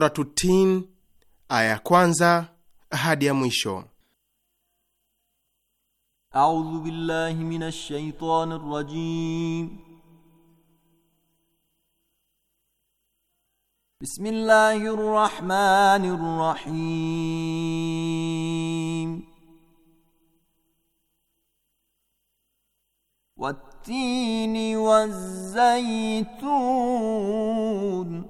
Suratu Tin aya ya kwanza hadi ya mwisho. A'udhu billahi minash shaitanir rajim. Bismillahir rahmanir rahim. Wat-tini waz-zaytun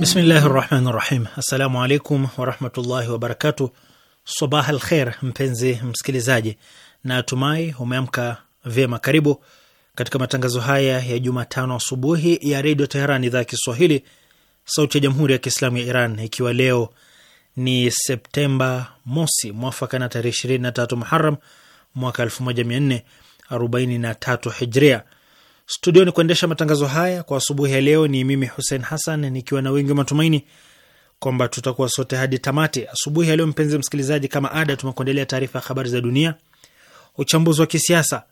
Bismillahi rahmani rahim. Assalamu alaikum warahmatullahi wabarakatu. Sabah al kher, mpenzi msikilizaji, na tumai umeamka vyema. Karibu katika matangazo haya ya Jumatano asubuhi ya Redio Teheran, idhaa ya Kiswahili, sauti ya Jamhuri ya Kiislamu ya Iran, ikiwa leo ni Septemba mosi mwafaka na tarehe 23 Muharam mwaka 1443 Hijria studioni kuendesha matangazo haya kwa asubuhi ya leo ni mimi Hussein Hassan, nikiwa na wengi wa matumaini kwamba tutakuwa sote hadi tamati asubuhi ya leo. Mpenzi msikilizaji, kama ada, tumekuandalia taarifa ya habari za dunia, uchambuzi wa kisiasa,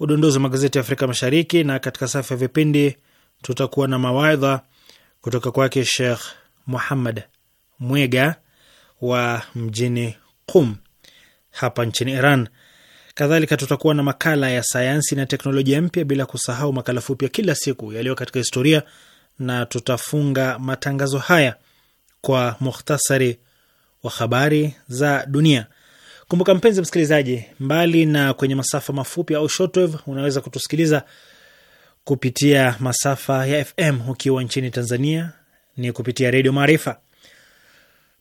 udondozi wa magazeti ya Afrika Mashariki, na katika safu ya vipindi tutakuwa na mawaidha kutoka kwake Shekh Muhammad Mwega wa mjini Qum hapa nchini Iran. Kadhalika tutakuwa na makala ya sayansi na teknolojia mpya, bila kusahau makala fupi ya kila siku yaliyo katika historia, na tutafunga matangazo haya kwa mukhtasari wa habari za dunia. Kumbuka mpenzi msikilizaji, mbali na kwenye masafa mafupi au shortwave, unaweza kutusikiliza kupitia masafa ya FM ukiwa nchini Tanzania ni kupitia Redio Maarifa.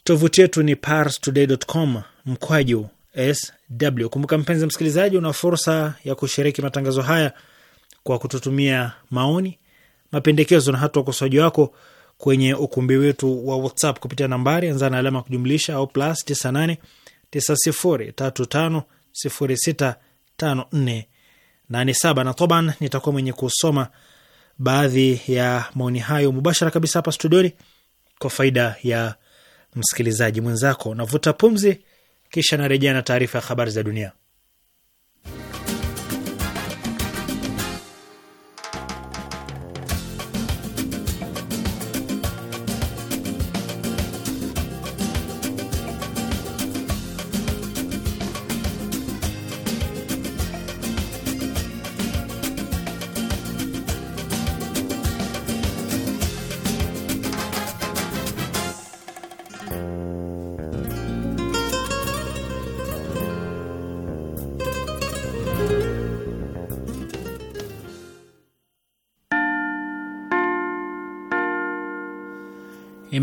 Tovuti yetu ni parstoday.com mkwaju sw. Kumbuka mpenzi msikilizaji, una fursa ya kushiriki matangazo haya kwa kututumia maoni, mapendekezo na hata ukosoaji wako kwenye ukumbi wetu wa WhatsApp kupitia nambari, anza na alama ya kujumlisha au plus 98 9035 0654 87, na toban nitakuwa mwenye kusoma baadhi ya maoni hayo mubashara kabisa hapa studioni kwa faida ya msikilizaji mwenzako. Navuta pumzi kisha narejea na taarifa ya habari za dunia.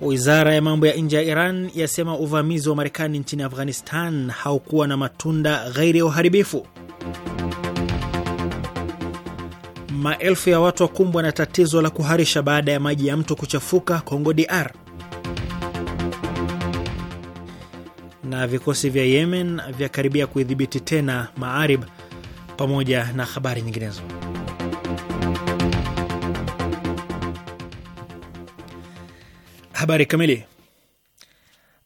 Wizara ya mambo ya nje ya Iran yasema uvamizi wa Marekani nchini Afghanistan haukuwa na matunda ghairi ya uharibifu. Maelfu ya watu wakumbwa na tatizo la kuharisha baada ya maji ya mto kuchafuka Kongo DR, na vikosi vya Yemen vyakaribia kuidhibiti tena Maarib, pamoja na habari nyinginezo. Habari kamili.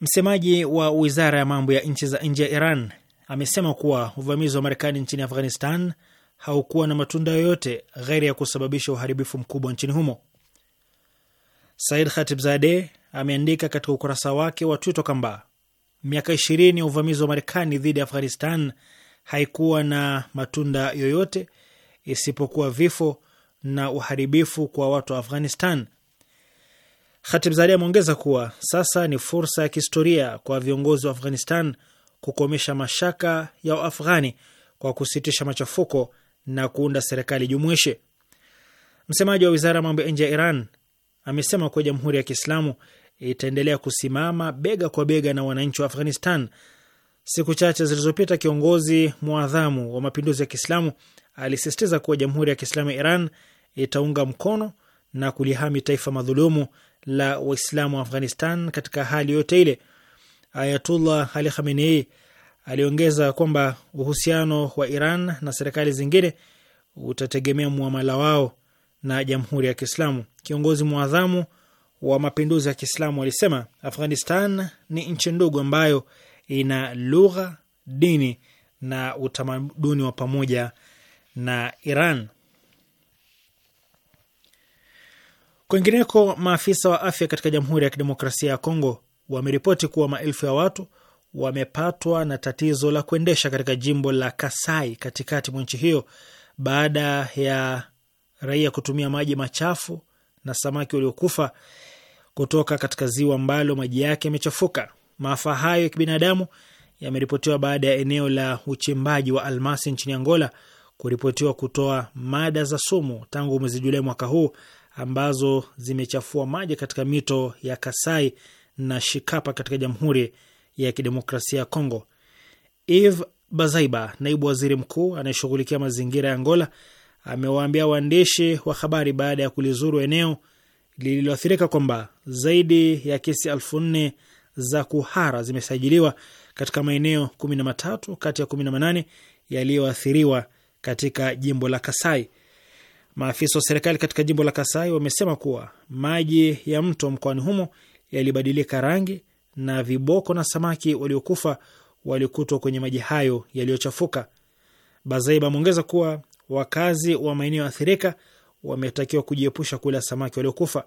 Msemaji wa wizara ya mambo ya nchi za nje ya Iran amesema kuwa uvamizi wa Marekani nchini Afghanistan haukuwa na matunda yoyote ghairi ya kusababisha uharibifu mkubwa nchini humo. Said zade ameandika katika ukurasa wake wa Twitter kwamba miaka ishirini ya uvamizi wa Marekani dhidi ya Afghanistan haikuwa na matunda yoyote isipokuwa vifo na uharibifu kwa watu wa Afghanistan Khatibzadi ameongeza kuwa sasa ni fursa ya kihistoria kwa viongozi wa Afghanistan kukomesha mashaka ya Waafghani kwa kusitisha machafuko na kuunda serikali jumuishi. Msemaji wa wizara ya mambo ya nje ya Iran amesema kuwa Jamhuri ya Kiislamu itaendelea kusimama bega kwa bega na wananchi wa Afghanistan. Siku chache zilizopita, kiongozi mwadhamu wa mapinduzi ya Kiislamu alisisitiza kuwa Jamhuri ya Kiislamu ya Iran itaunga mkono na kulihami taifa madhulumu la Waislamu wa Afghanistan katika hali yote ile. Ayatullah Ali Khamenei aliongeza kwamba uhusiano wa Iran na serikali zingine utategemea muamala wao na jamhuri ya Kiislamu. Kiongozi mwadhamu wa mapinduzi ya Kiislamu alisema Afghanistan ni nchi ndogo ambayo ina lugha, dini na utamaduni wa pamoja na Iran. Kwingineko, maafisa wa afya katika Jamhuri ya Kidemokrasia ya Kongo wameripoti kuwa maelfu ya watu wamepatwa na tatizo la kuendesha katika jimbo la Kasai katikati mwa nchi hiyo baada ya raia kutumia maji machafu na samaki waliokufa kutoka katika ziwa ambalo maji yake yamechafuka. Maafa hayo ya kibinadamu yameripotiwa baada ya eneo la uchimbaji wa almasi nchini Angola kuripotiwa kutoa mada za sumu tangu mwezi Julai mwaka huu ambazo zimechafua maji katika mito ya Kasai na Shikapa katika Jamhuri ya Kidemokrasia ya Kongo. Eve Bazaiba, naibu waziri mkuu anayeshughulikia mazingira ya Angola, amewaambia waandishi wa habari baada ya kulizuru eneo lililoathirika kwamba zaidi ya kesi elfu nne za kuhara zimesajiliwa katika maeneo kumi na matatu kati ya kumi na manane yaliyoathiriwa katika jimbo la Kasai. Maafisa wa serikali katika jimbo la Kasai wamesema kuwa maji ya mto mkoani humo yalibadilika rangi na viboko na samaki waliokufa walikutwa kwenye maji hayo yaliyochafuka. Bazaiba ameongeza kuwa wakazi wa maeneo athirika wametakiwa kujiepusha kula samaki waliokufa.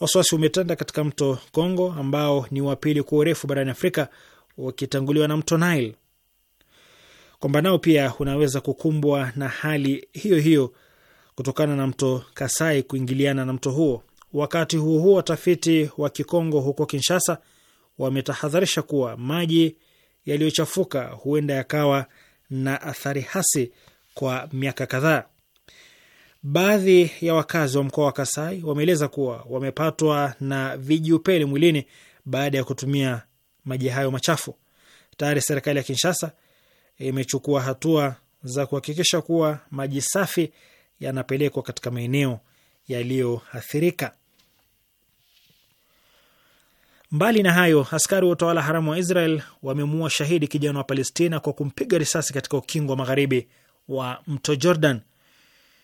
Wasiwasi umetanda katika mto Kongo ambao ni wa pili kwa urefu barani Afrika ukitanguliwa na mto Nile, kwamba nao pia unaweza kukumbwa na hali hiyo hiyo kutokana na mto Kasai kuingiliana na mto huo. Wakati huo huo, watafiti wa Kikongo huko Kinshasa wametahadharisha kuwa maji yaliyochafuka huenda yakawa na athari hasi kwa miaka kadhaa. Baadhi ya wakazi wa mkoa wa Kasai wameeleza kuwa wamepatwa na vijiupele mwilini baada ya kutumia maji hayo machafu. Tayari serikali ya Kinshasa imechukua hatua za kuhakikisha kuwa maji safi yanapelekwa katika maeneo yaliyoathirika. Mbali na hayo, askari wa utawala haramu wa Israel wamemuua shahidi kijana wa Palestina kwa kumpiga risasi katika ukingo wa magharibi wa mto Jordan.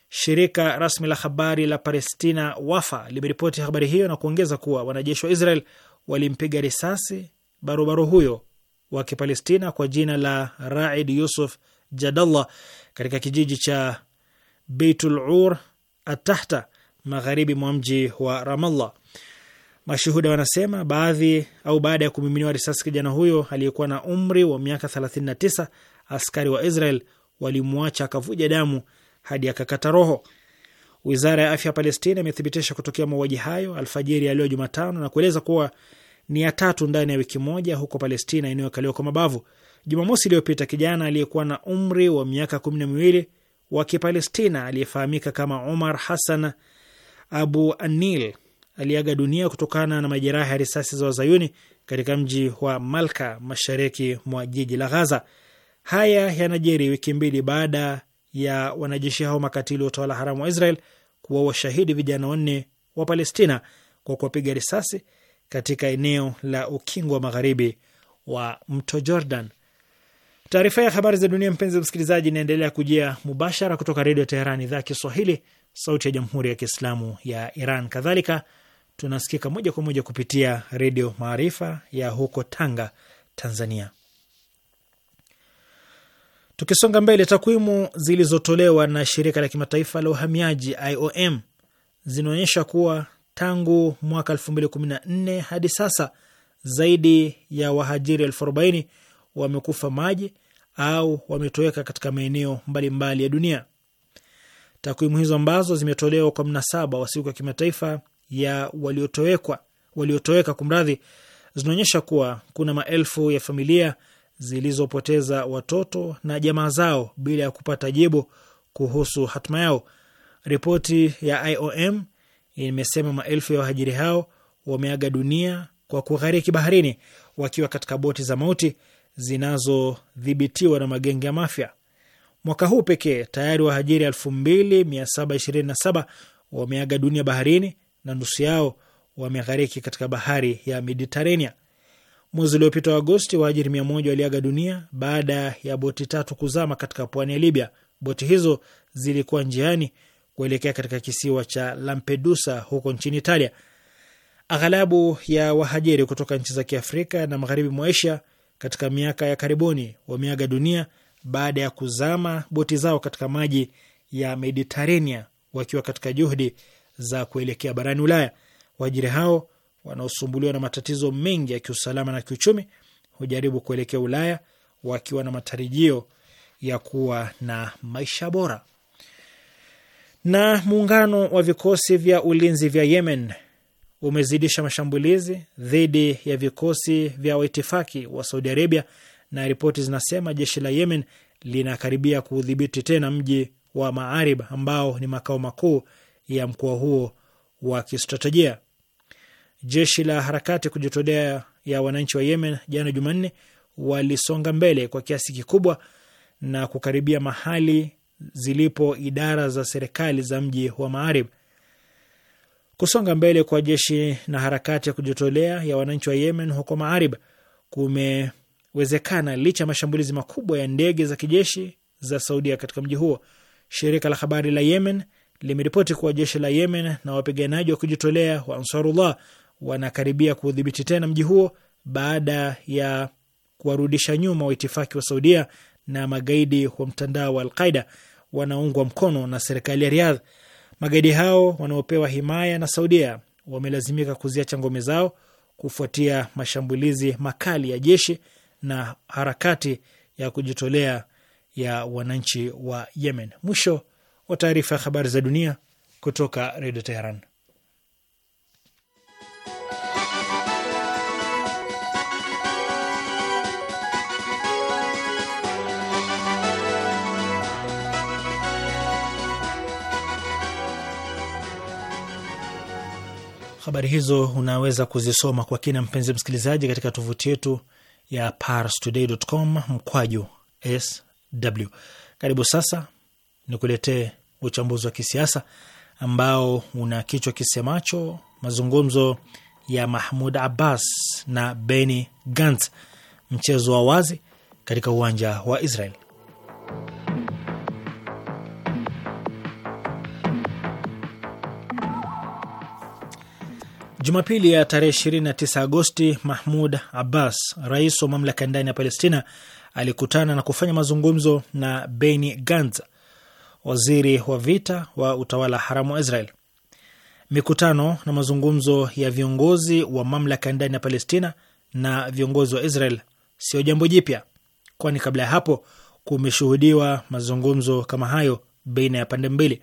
Shirika rasmi la habari la Palestina Wafa limeripoti habari hiyo na kuongeza kuwa wanajeshi wa Israel walimpiga risasi barobaro huyo wa Kipalestina kwa jina la Raid Yusuf Jadallah katika kijiji cha Beitul Ur Atahta, magharibi mwa mji wa Ramallah. Mashuhuda wanasema baadhi au baada ya kumiminiwa risasi kijana huyo aliyekuwa na umri wa miaka 39, askari wa Israel walimwacha akavuja damu hadi akakata roho. Wizara ya afya ya Palestina imethibitisha kutokea mauaji hayo alfajiri ya leo Jumatano na kueleza kuwa ni ya tatu ndani ya wiki moja huko Palestina inayokaliwa kwa mabavu. Jumamosi iliyopita kijana aliyekuwa na umri wa miaka kumi na miwili wa Kipalestina aliyefahamika kama Omar Hassan Abu Anil aliaga dunia kutokana na majeraha ya risasi za wazayuni katika mji wa Malka, mashariki mwa jiji la Ghaza. Haya yanajiri wiki mbili baada ya wanajeshi hao makatili wa utawala haramu wa Israel kuwa washahidi vijana wanne wa Palestina kwa kuwapiga risasi katika eneo la ukingo wa magharibi wa mto Jordan. Taarifa ya habari za dunia, mpenzi msikilizaji, inaendelea kujia mubashara kutoka redio Teherani, idhaa ya Kiswahili, sauti ya jamhuri ya kiislamu ya Iran. Kadhalika tunasikika moja kwa moja kupitia redio Maarifa ya huko Tanga, Tanzania. Tukisonga mbele, takwimu zilizotolewa na shirika la kimataifa la uhamiaji IOM zinaonyesha kuwa tangu mwaka 2014 hadi sasa zaidi ya wahajiri elfu arobaini wamekufa maji au wametoweka katika maeneo mbalimbali ya dunia. Takwimu hizo ambazo zimetolewa kwa mnasaba wa siku ya kimataifa ya waliotowekwa waliotoweka kumradhi, zinaonyesha kuwa kuna maelfu ya familia zilizopoteza watoto na jamaa zao bila ya kupata jibu kuhusu hatima yao. Ripoti ya IOM imesema maelfu ya wahajiri hao wameaga dunia kwa kughariki baharini wakiwa katika boti za mauti zinazodhibitiwa na magenge ya mafya. Mwaka huu pekee tayari wahajiri 2727 wameaga dunia baharini na nusu yao wameghariki katika bahari ya Mediterania. Mwezi uliopita wa Agosti, waajiri mia waliaga dunia baada ya boti tatu kuzama katika pwani ya Libya. Boti hizo zilikuwa njiani kuelekea katika kisiwa cha Lampedusa huko nchini Italia. Aghalabu ya wahajiri kutoka nchi za Kiafrika na magharibi mwa Asia katika miaka ya karibuni wameaga dunia baada ya kuzama boti zao katika maji ya Mediterania wakiwa katika juhudi za kuelekea barani Ulaya. Waajiri hao wanaosumbuliwa na matatizo mengi ya kiusalama na kiuchumi hujaribu kuelekea Ulaya wakiwa na matarajio ya kuwa na maisha bora. Na muungano wa vikosi vya ulinzi vya Yemen umezidisha mashambulizi dhidi ya vikosi vya waitifaki wa Saudi Arabia, na ripoti zinasema jeshi la Yemen linakaribia kuudhibiti tena mji wa Maarib ambao ni makao makuu ya mkoa huo wa kistratejia. Jeshi la harakati kujitolea ya wananchi wa Yemen jana Jumanne walisonga mbele kwa kiasi kikubwa na kukaribia mahali zilipo idara za serikali za mji wa Maarib. Kusonga mbele kwa jeshi na harakati ya kujitolea ya wananchi wa Yemen huko Maarib kumewezekana licha ya mashambulizi makubwa ya ndege za kijeshi za Saudia katika mji huo. Shirika la habari la Yemen limeripoti kuwa jeshi la Yemen na wapiganaji wa kujitolea wa Ansarullah wanakaribia kuudhibiti tena mji huo baada ya kuwarudisha nyuma waitifaki wa Saudia na magaidi wa mtandao wa Alqaida wanaungwa mkono na serikali ya Riadh. Magaidi hao wanaopewa himaya na Saudia wamelazimika kuziacha ngome zao kufuatia mashambulizi makali ya jeshi na harakati ya kujitolea ya wananchi wa Yemen. Mwisho wa taarifa ya habari za dunia kutoka Redio Teheran. Habari hizo unaweza kuzisoma kwa kina, mpenzi msikilizaji, katika tovuti yetu ya parstoday.com mkwaju sw. Karibu sasa nikuletee uchambuzi wa kisiasa ambao una kichwa kisemacho mazungumzo ya Mahmud Abbas na Benny Gantz, mchezo wa wazi katika uwanja wa Israel. Jumapili ya tarehe 29 Agosti, Mahmud Abbas, rais wa mamlaka ndani ya Palestina, alikutana na kufanya mazungumzo na Beni Gantz, waziri wa vita wa utawala haramu wa Israel. Mikutano na mazungumzo ya viongozi wa mamlaka ndani ya Palestina na viongozi wa Israel sio jambo jipya, kwani kabla ya hapo kumeshuhudiwa mazungumzo kama hayo baina ya pande mbili.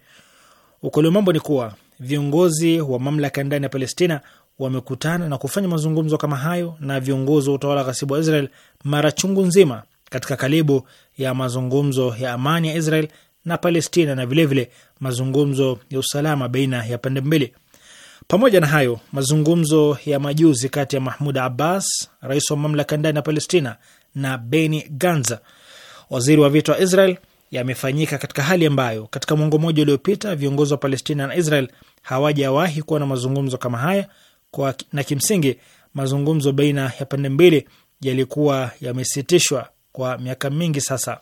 Ukweli wa mambo ni kuwa viongozi wa mamlaka ndani ya Palestina wamekutana na kufanya mazungumzo kama hayo na viongozi wa utawala ghasibu wa Israel mara chungu nzima katika kalibu ya mazungumzo ya amani ya Israel na Palestina na vilevile vile mazungumzo ya usalama baina ya pande mbili. Pamoja na hayo, mazungumzo ya majuzi kati ya Mahmud Abbas, rais wa mamlaka ndani ya Palestina, na Beni Ganza, waziri wa vita wa Israel yamefanyika katika hali ambayo katika mwongo mmoja uliopita viongozi wa Palestina na Israel hawajawahi kuwa na mazungumzo kama haya kwa, na kimsingi mazungumzo baina ya pande mbili yalikuwa yamesitishwa kwa miaka mingi sasa.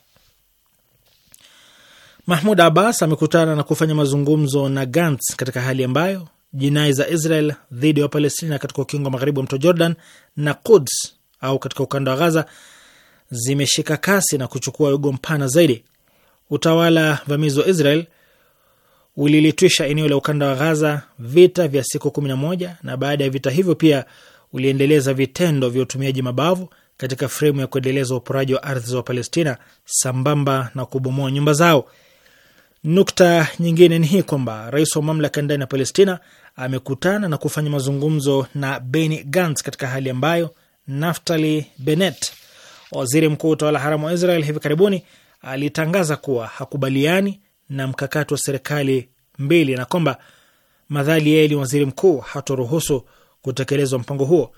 Mahmud Abbas amekutana na kufanya mazungumzo na Gantz katika hali ambayo jinai za Israel dhidi ya Wapalestina katika ukingo wa magharibi wa mto Jordan na Quds au katika ukanda wa Gaza zimeshika kasi na kuchukua wigo mpana zaidi. Utawala vamizi wa Israel ulilitwisha eneo la ukanda wa Ghaza vita vya siku 11 na baada ya vita hivyo pia uliendeleza vitendo vya utumiaji mabavu katika fremu ya kuendeleza uporaji wa ardhi za Wapalestina sambamba na kubomoa nyumba zao. Nukta nyingine ni hii kwamba rais wa mamlaka ndani ya Palestina amekutana na kufanya mazungumzo na Benny Gantz katika hali ambayo Naftali Bennett, waziri mkuu wa utawala haramu wa Israel, hivi karibuni alitangaza kuwa hakubaliani na mkakati wa serikali mbili na kwamba madhali yeye ni waziri mkuu hatoruhusu kutekelezwa mpango huo.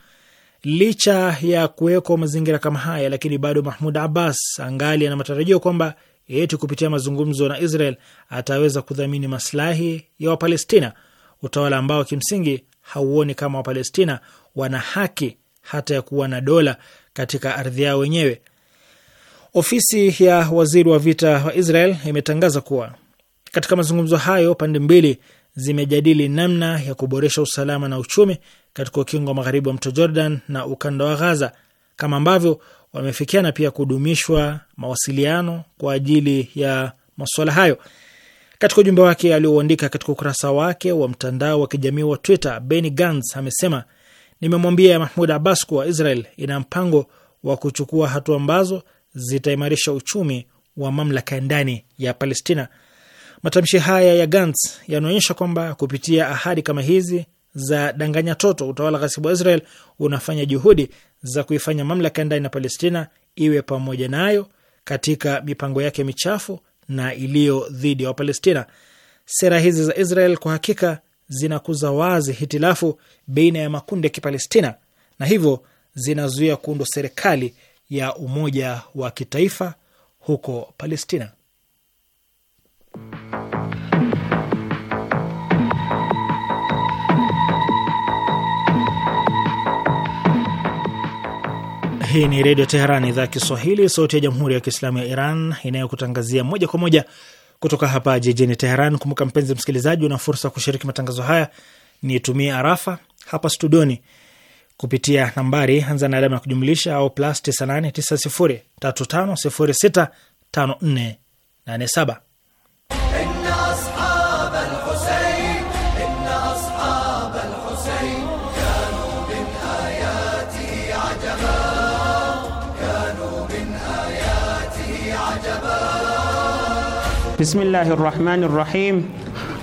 Licha ya kuwekwa mazingira kama haya, lakini bado Mahmud Abbas angali ana matarajio kwamba yeyote kupitia mazungumzo na Israel ataweza kudhamini maslahi ya Wapalestina, utawala ambao kimsingi hauoni kama Wapalestina wana haki hata ya kuwa na dola katika ardhi yao wenyewe. Ofisi ya waziri wa vita wa Israel imetangaza kuwa katika mazungumzo hayo pande mbili zimejadili namna ya kuboresha usalama na uchumi katika ukingo wa magharibi wa mto Jordan na ukanda wa Ghaza, kama ambavyo wamefikiana pia kudumishwa mawasiliano kwa ajili ya masuala hayo. Katika ujumbe wake aliouandika katika ukurasa wake wa mtandao wa kijamii wa Twitter, Benny Gantz amesema, nimemwambia Mahmud Abbas kuwa Israel ina mpango wa kuchukua hatua ambazo zitaimarisha uchumi wa mamlaka ya ndani ya Palestina. Matamshi haya ya Gantz yanaonyesha kwamba kupitia ahadi kama hizi za danganya toto, utawala ghasibu wa Israel unafanya juhudi za kuifanya mamlaka ya ndani ya Palestina iwe pamoja nayo katika mipango yake michafu na iliyo dhidi ya Wapalestina. Sera hizi za Israel kwa hakika zinakuza wazi hitilafu baina ya makundi ya Kipalestina na hivyo zinazuia kuundwa serikali ya umoja wa kitaifa huko Palestina. Hii ni Redio Teheran, idhaa ya Kiswahili, sauti ya Jamhuri ya Kiislamu ya Iran inayokutangazia moja kwa moja kutoka hapa jijini Teheran. Kumbuka mpenzi msikilizaji, una fursa kushiriki matangazo haya, ni tumia arafa hapa studioni kupitia nambari anza na alama ya kujumlisha au plus 989035065487. Bismillahi rahmani rahim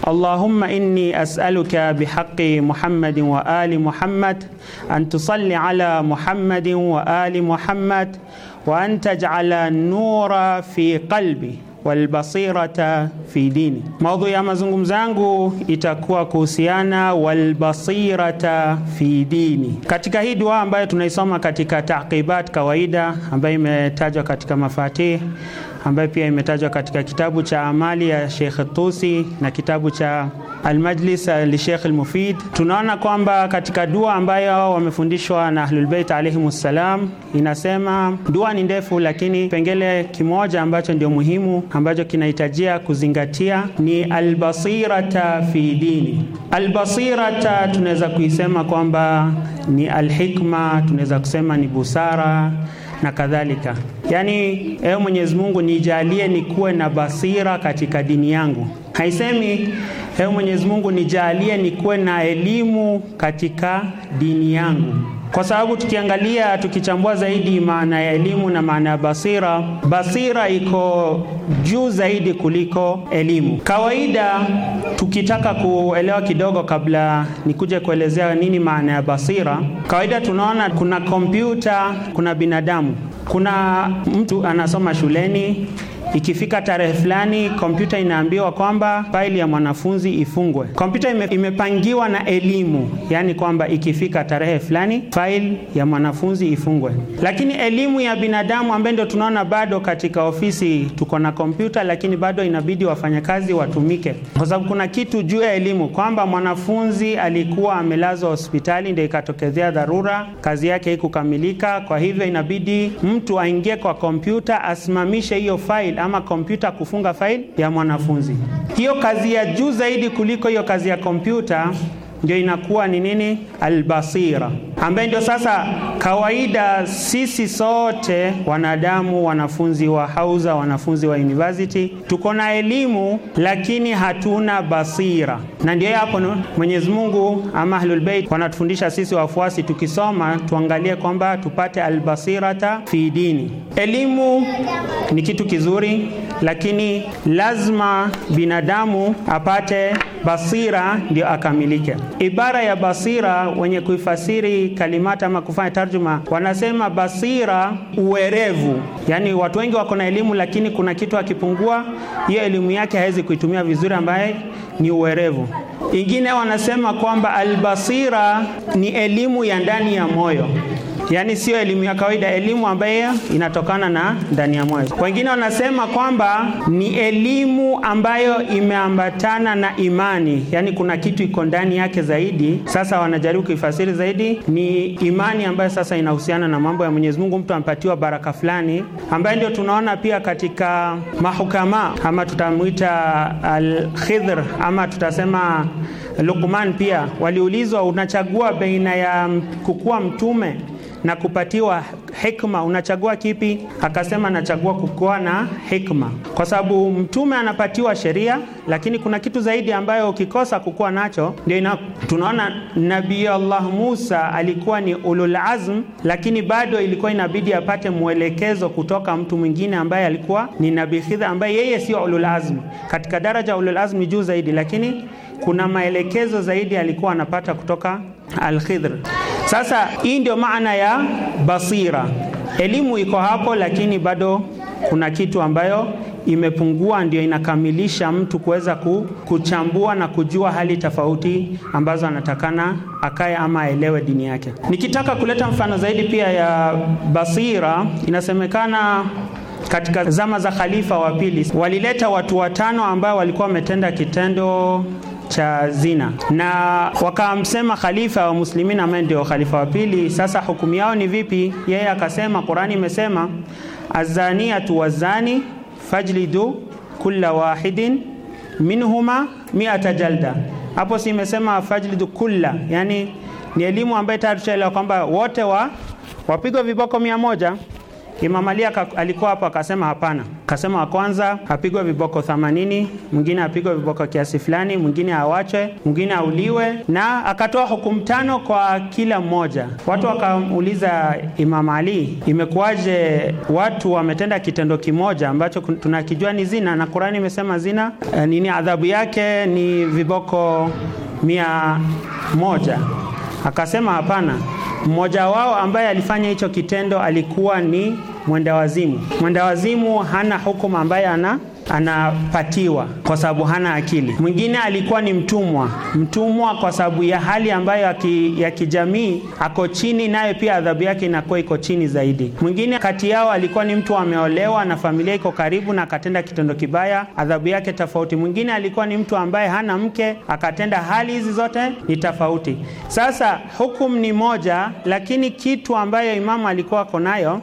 Allahumma inni as'aluka bihaqqi Muhammadin wa ali Muhammad an tusalli ala Muhammadin wa ali Muhammad wa an taj'ala nura fi qalbi wal fi dini. Maudhui ya mazungumzo yangu itakuwa kuhusiana walbasirata fi dini. Katika hii dua ambayo tunaisoma katika taqibat kawaida ambayo imetajwa katika mafatih ambayo pia imetajwa katika kitabu cha amali ya Sheikh Tusi na kitabu cha Almajlis lishekh mufid Tunaona kwamba katika dua ambayo wamefundishwa na Ahlulbeit alaihim ssalam, inasema dua ni ndefu, lakini kipengele kimoja ambacho ndio muhimu ambacho kinahitajia kuzingatia ni albasirata fi dini. Albasirata tunaweza kuisema kwamba ni alhikma, tunaweza kusema ni busara na kadhalika. Yaani, ewe Mwenyezi Mungu nijalie nikuwe na basira katika dini yangu. Haisemi ewe Mwenyezi Mungu nijalie nikuwe na elimu katika dini yangu kwa sababu tukiangalia, tukichambua zaidi maana ya elimu na maana ya basira, basira iko juu zaidi kuliko elimu. Kawaida tukitaka kuelewa kidogo, kabla nikuje kuelezea nini maana ya basira, kawaida tunaona kuna kompyuta, kuna binadamu, kuna mtu anasoma shuleni Ikifika tarehe fulani, kompyuta inaambiwa kwamba faili ya mwanafunzi ifungwe. Kompyuta ime, imepangiwa na elimu, yaani kwamba ikifika tarehe fulani, faili ya mwanafunzi ifungwe. Lakini elimu ya binadamu ambayo ndio tunaona bado katika ofisi tuko na kompyuta, lakini bado inabidi wafanyakazi watumike, kwa sababu kuna kitu juu ya elimu kwamba mwanafunzi alikuwa amelazwa hospitali, ndio ikatokezea dharura, kazi yake haikukamilika, kwa hivyo inabidi mtu aingie kwa kompyuta asimamishe hiyo faili ama kompyuta kufunga faili ya mwanafunzi. Hiyo kazi ya juu zaidi kuliko hiyo kazi ya kompyuta ndio inakuwa ni nini? Albasira, ambaye ndio sasa kawaida sisi sote wanadamu, wanafunzi wa hauza, wanafunzi wa university, tuko na elimu lakini hatuna basira, na ndio hapo Mwenyezi Mungu ama Ahlul Bait wanatufundisha sisi wafuasi, tukisoma tuangalie kwamba tupate albasirata fi dini. Elimu ni kitu kizuri, lakini lazima binadamu apate basira ndio akamilike. Ibara ya basira, wenye kuifasiri kalimata ama kufanya tarjuma wanasema basira, uwerevu. yani watu wengi wako na elimu, lakini kuna kitu akipungua, hiyo elimu yake hawezi kuitumia vizuri, ambaye ni uwerevu. Ingine wanasema kwamba albasira ni elimu ya ndani ya moyo yaani sio elimu ya kawaida, elimu ambayo inatokana na ndani ya moyo. Wengine wanasema kwamba ni elimu ambayo imeambatana na imani, yaani kuna kitu iko ndani yake zaidi. Sasa wanajaribu kuifasiri zaidi, ni imani ambayo sasa inahusiana na mambo ya Mwenyezi Mungu, mtu ampatiwa baraka fulani, ambayo ndio tunaona pia katika mahukama, ama tutamwita al-Khidr ama tutasema lukman Pia waliulizwa, unachagua baina ya kukua mtume na kupatiwa hikma, unachagua kipi? Akasema anachagua kukuwa na hikma, kwa sababu mtume anapatiwa sheria, lakini kuna kitu zaidi ambayo ukikosa kukuwa nacho ndio ina. Tunaona Nabii Allah Musa alikuwa ni ulul azm, lakini bado ilikuwa inabidi apate mwelekezo kutoka mtu mwingine ambaye alikuwa ni Nabii Khidha, ambaye yeye sio ulul azm. Katika daraja ulul azm ni juu zaidi, lakini kuna maelekezo zaidi alikuwa anapata kutoka Al-Khidr. Sasa hii ndio maana ya basira. Elimu iko hapo, lakini bado kuna kitu ambayo imepungua, ndio inakamilisha mtu kuweza kuchambua na kujua hali tofauti ambazo anatakana akae ama aelewe dini yake. Nikitaka kuleta mfano zaidi pia ya basira, inasemekana katika zama za khalifa wa pili walileta watu watano ambao walikuwa wametenda kitendo cha zina, na wakamsema khalifa wa muslimina ambaye ndio khalifa wa pili, sasa hukumu yao ni vipi? Yeye akasema Qurani imesema azaniatu wazani fajlidu kulla wahidin minhuma miata jalda. Hapo si imesema fajlidu kulla, yani ni elimu ambayo tayari tushaelewa kwamba wote wa wapigwa viboko mia moja. Imam Ali alikuwa hapo akasema hapana. Akasema wa kwanza apigwe viboko 80, mwingine apigwe viboko kiasi fulani, mwingine awachwe, mwingine auliwe, na akatoa hukumu tano kwa kila mmoja. Watu wakamuuliza Imam Ali, imekuwaje watu wametenda kitendo kimoja ambacho tunakijua ni zina, na Qurani imesema zina nini, eh, adhabu yake ni viboko mia moja. Akasema hapana mmoja wao ambaye alifanya hicho kitendo alikuwa ni mwendawazimu. Mwendawazimu hana hukumu ambaye ana anapatiwa kwa sababu hana akili. Mwingine alikuwa ni mtumwa, mtumwa kwa sababu ya hali ambayo ya kijamii ako chini, nayo pia adhabu yake inakuwa iko chini zaidi. Mwingine kati yao alikuwa ni mtu ameolewa na familia iko karibu na akatenda kitendo kibaya, adhabu yake tofauti. Mwingine alikuwa ni mtu ambaye hana mke akatenda, hali hizi zote ni tofauti. Sasa hukumu ni moja, lakini kitu ambayo imamu alikuwa ako nayo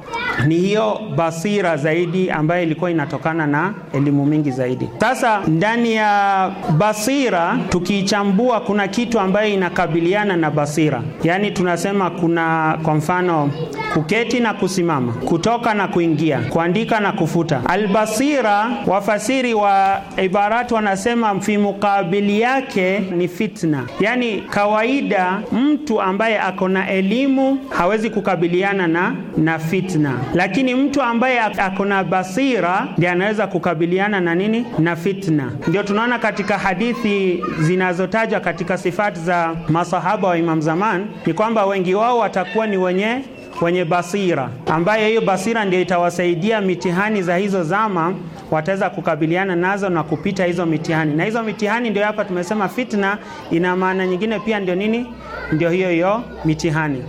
ni hiyo basira zaidi ambayo ilikuwa inatokana na elimu elimu mingi zaidi. Sasa ndani ya basira tukiichambua, kuna kitu ambayo inakabiliana na basira, yaani tunasema kuna kwa mfano kuketi na kusimama, kutoka na kuingia, kuandika na kufuta. Albasira, wafasiri wa ibarat wanasema fi mukabili yake ni fitna, yaani kawaida mtu ambaye ako na elimu hawezi kukabiliana na, na fitna, lakini mtu ambaye ako na basira ndiye anaweza kukabiliana kukabiliana na nini? Na fitna. Ndio tunaona katika hadithi zinazotajwa katika sifati za masahaba wa Imam Zaman ni kwamba wengi wao watakuwa ni wenye wenye basira, ambaye hiyo basira ndio itawasaidia mitihani za hizo zama, wataweza kukabiliana nazo na kupita hizo mitihani. Na hizo mitihani ndio hapa tumesema fitna ina maana nyingine pia, ndio nini? Ndio hiyo hiyo mitihani.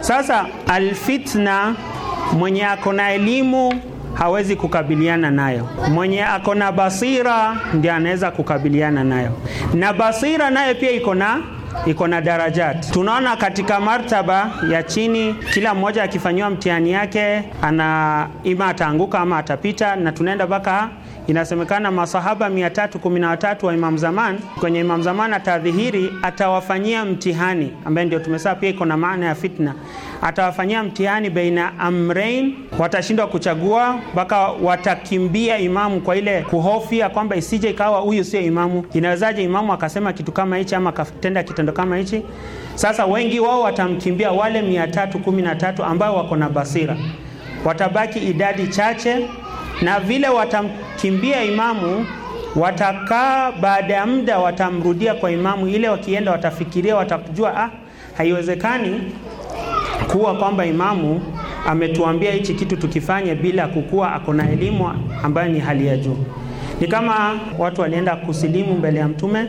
Sasa alfitna, mwenye ako na elimu hawezi kukabiliana nayo. Mwenye ako na basira ndiye anaweza kukabiliana nayo, na basira nayo pia iko na iko na darajati. Tunaona katika martaba ya chini, kila mmoja akifanyiwa mtihani yake, ana ima ataanguka ama atapita, na tunaenda mpaka inasemekana masahaba 313 wa Imam Zaman kwenye Imam Zaman atadhihiri, atawafanyia mtihani ambaye ndio tumesaa, pia iko na maana ya fitna atawafanyia mtihani baina amrain, watashindwa kuchagua mpaka watakimbia imamu kwa ile kuhofia kwamba isije ikawa huyu sio imamu. Inawezaje imamu akasema kitu kama hichi ama akatenda kitendo kama hichi? Sasa wengi wao watamkimbia, wale mia tatu kumi na tatu ambao wako na basira, watabaki idadi chache, na vile watamkimbia imamu watakaa baada ya muda watamrudia kwa imamu ile, wakienda watafikiria, watajua ah, haiwezekani kuwa kwamba imamu ametuambia hichi kitu tukifanye bila kukuwa akona elimu ambayo ni hali ya juu. Ni kama watu walienda kusilimu mbele ya Mtume,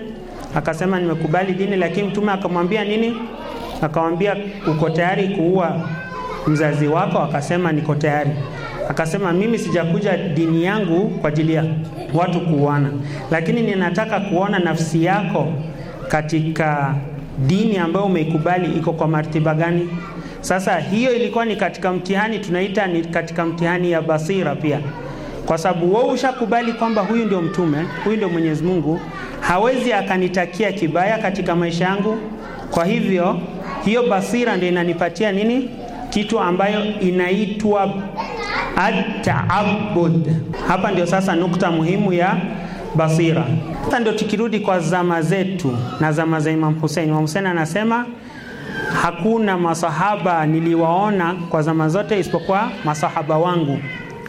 akasema nimekubali dini, lakini Mtume akamwambia nini? Akamwambia uko tayari kuua mzazi wako? Akasema niko tayari. Akasema mimi sijakuja dini yangu kwa ajili ya watu kuuana, lakini ninataka kuona nafsi yako katika dini ambayo umeikubali iko kwa martiba gani? Sasa hiyo ilikuwa ni katika mtihani, tunaita ni katika mtihani ya basira pia, kwa sababu wewe ushakubali kwamba huyu ndio mtume, huyu ndio Mwenyezi Mungu, hawezi akanitakia kibaya katika maisha yangu. Kwa hivyo hiyo basira ndio inanipatia nini, kitu ambayo inaitwa ataabud. Hapa ndio sasa nukta muhimu ya basira. Sasa ndio tukirudi kwa zama zetu na zama za Imam Hussein. Imam Hussein anasema hakuna masahaba niliwaona kwa zama zote isipokuwa masahaba wangu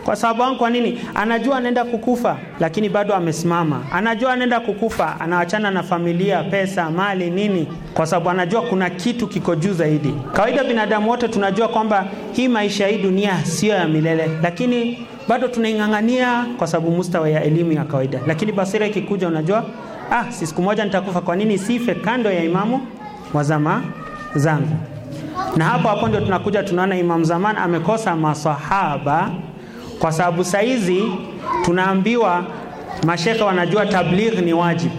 kwa sababu wangu kwa nini anajua anaenda kukufa lakini bado amesimama anajua anaenda kukufa anawachana na familia pesa mali nini kwa sababu anajua kuna kitu kiko juu zaidi kawaida binadamu wote tunajua kwamba hii maisha hii dunia siyo ya milele lakini bado tunaing'ang'ania kwa sababu mustawa ya elimu ya kawaida lakini basira ikikuja unajua ah si siku moja nitakufa kwa nini sife kando ya imamu wa zama zangu. Na hapo hapo ndio tunakuja tunaona Imam Zaman amekosa masahaba kwa sababu saizi tunaambiwa mashekhe wanajua tabligh ni wajibu,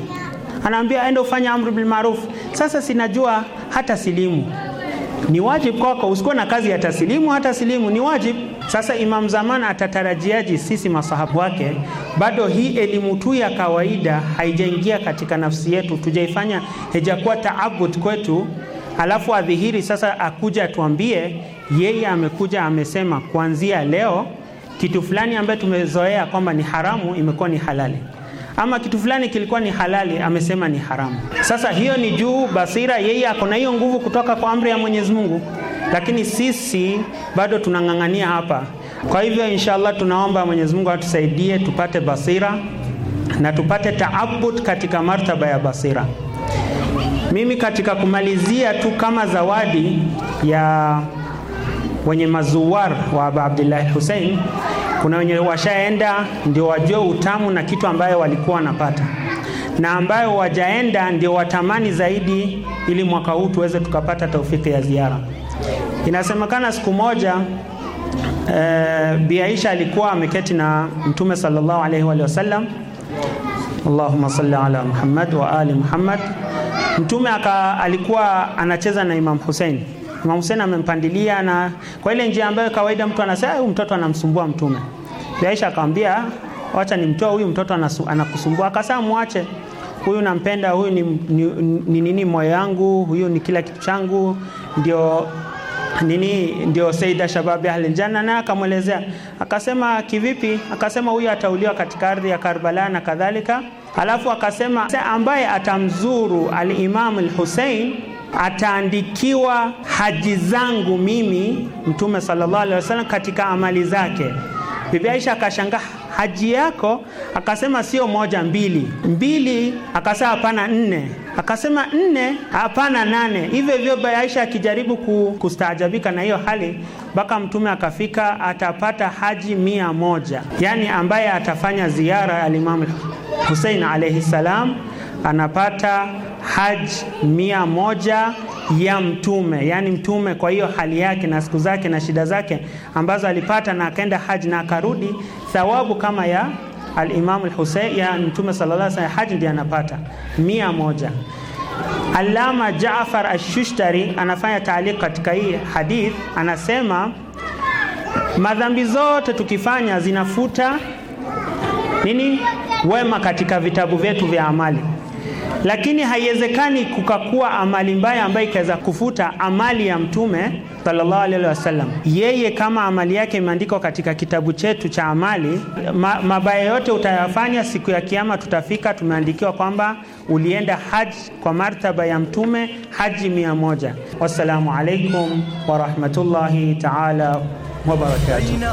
anaambia aende ufanye amri bil maruf. Sasa sinajua hata silimu ni wajibu kwako, usikuwe na kazi ya taslimu. Hata silimu ni wajibu. Sasa Imam Zaman atatarajiaje sisi masahabu wake? Bado hii elimu tu ya kawaida haijaingia katika nafsi yetu, tujaifanya, haijakuwa taabud kwetu alafu adhihiri sasa, akuja atuambie yeye amekuja amesema, kuanzia leo kitu fulani ambaye tumezoea kwamba ni haramu imekuwa ni halali, ama kitu fulani kilikuwa ni halali amesema ni haramu. Sasa hiyo ni juu basira, yeye ako na hiyo nguvu kutoka kwa amri ya Mwenyezi Mungu, lakini sisi bado tunang'ang'ania hapa. Kwa hivyo inshallah, tunaomba Mwenyezi Mungu atusaidie tupate basira na tupate taabud katika martaba ya basira. Mimi katika kumalizia tu kama zawadi ya wenye mazuwar wa Abdullahi Hussein, kuna wenye washaenda ndio wajue utamu na kitu ambayo walikuwa wanapata na ambayo wajaenda ndio watamani zaidi, ili mwaka huu tuweze tukapata taufiki ya ziara. Inasemekana siku moja e, Bi Aisha alikuwa ameketi na Mtume sallallahu alaihi wa sallam Allahumma salli ala Muhammad wa ali Muhammad. Mtume aka, alikuwa anacheza na Imam Hussein. Imam Hussein amempandilia na kwa ile njia ambayo kawaida mtu anasema eh, huyu mtoto anamsumbua Mtume. Aisha akamwambia wacha nimtoe huyu mtoto anakusumbua. Akasema muache huyu nampenda, huyu ni nini, ni, ni, ni moyo wangu, huyu ni kila kitu changu, ndio nini ndio Saida Shababi Ahli Janna, na akamwelezea akasema, kivipi? Akasema huyu atauliwa katika ardhi ya Karbala na kadhalika. Alafu akasema ambaye atamzuru al-Imam al ataandikiwa haji zangu mimi Mtume sallallahu alaihi wasallam katika amali zake. Bibi Aisha akashangaa, haji yako? Akasema sio moja, mbili. Mbili? Akasema hapana, nne. Akasema nne, hapana nane. Hivyo hivyo Aisha akijaribu kustaajabika na hiyo hali, mpaka mtume akafika atapata haji mia moja, yani ambaye atafanya ziara ya Imam Hussein alayhi salam anapata haji mia moja ya mtume, yani mtume kwa hiyo hali yake na siku zake na shida zake ambazo alipata, na akaenda haji na akarudi, thawabu kama ya Alimamu Alhusein, ya Mtume sallallahu alaihi wasallam hadi ndiye anapata mia moja. Alama Jaafar Ashishtari anafanya taaliq katika hii hadith, anasema madhambi zote tukifanya zinafuta nini wema katika vitabu vyetu vya amali lakini haiwezekani kukakuwa amali mbaya ambayo ikaweza kufuta amali ya Mtume sallallahu alaihi wasallam. Yeye kama amali yake imeandikwa katika kitabu chetu cha amali, ma, mabaya yote utayafanya siku ya kiama tutafika, tumeandikiwa kwamba ulienda haji kwa martaba ya Mtume, haji mia moja. Wassalamu alaikum warahmatullahi taala وبركاته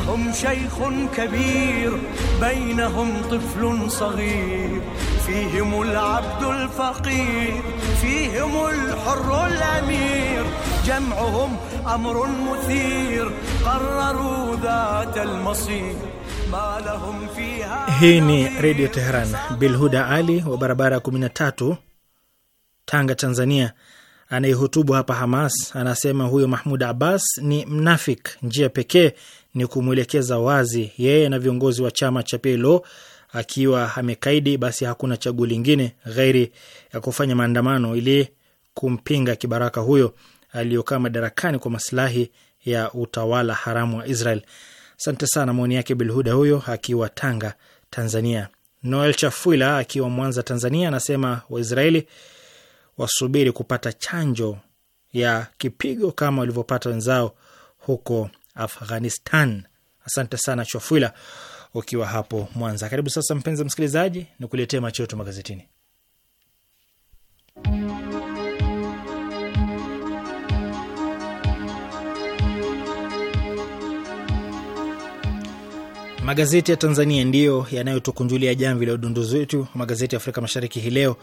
فيهم العبد الفقير فيهم الحر الأمير جمعهم أمر مثير قرروا ذات المصير ما لهم فيها hii ni Redio Teheran. Bilhuda Ali wa barabara 13 Tanga, Tanzania, anayehutubu hapa Hamas anasema huyo Mahmud Abbas ni mnafik, njia pekee ni kumwelekeza wazi yeye na viongozi wa chama cha PLO akiwa amekaidi, basi hakuna chaguo lingine ghairi ya kufanya maandamano ili kumpinga kibaraka huyo aliyokaa madarakani kwa masilahi ya utawala haramu wa Israel. Asante sana, maoni yake Bilhuda huyo akiwa Tanga, Tanzania. Noel Chafuila akiwa Mwanza, Tanzania, anasema Waisraeli wasubiri kupata chanjo ya kipigo kama walivyopata wenzao huko Afghanistan. Asante sana Chafuila ukiwa hapo Mwanza. Karibu sasa, mpenzi msikilizaji, ni kuletea macho yetu magazetini. Magazeti ya Tanzania ndiyo yanayotukunjulia jamvi la udunduzi wetu magazeti ya Afrika Mashariki hii leo.